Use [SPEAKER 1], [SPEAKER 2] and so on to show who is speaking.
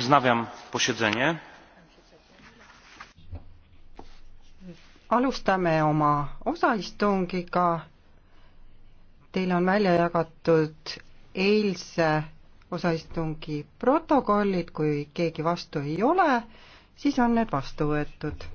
[SPEAKER 1] wznawiam posiedzenie
[SPEAKER 2] alustame oma osaistungiga teile on välja jagatud eilse osaistungi protokollid kui keegi vastu ei ole siis on need vastu
[SPEAKER 3] võetud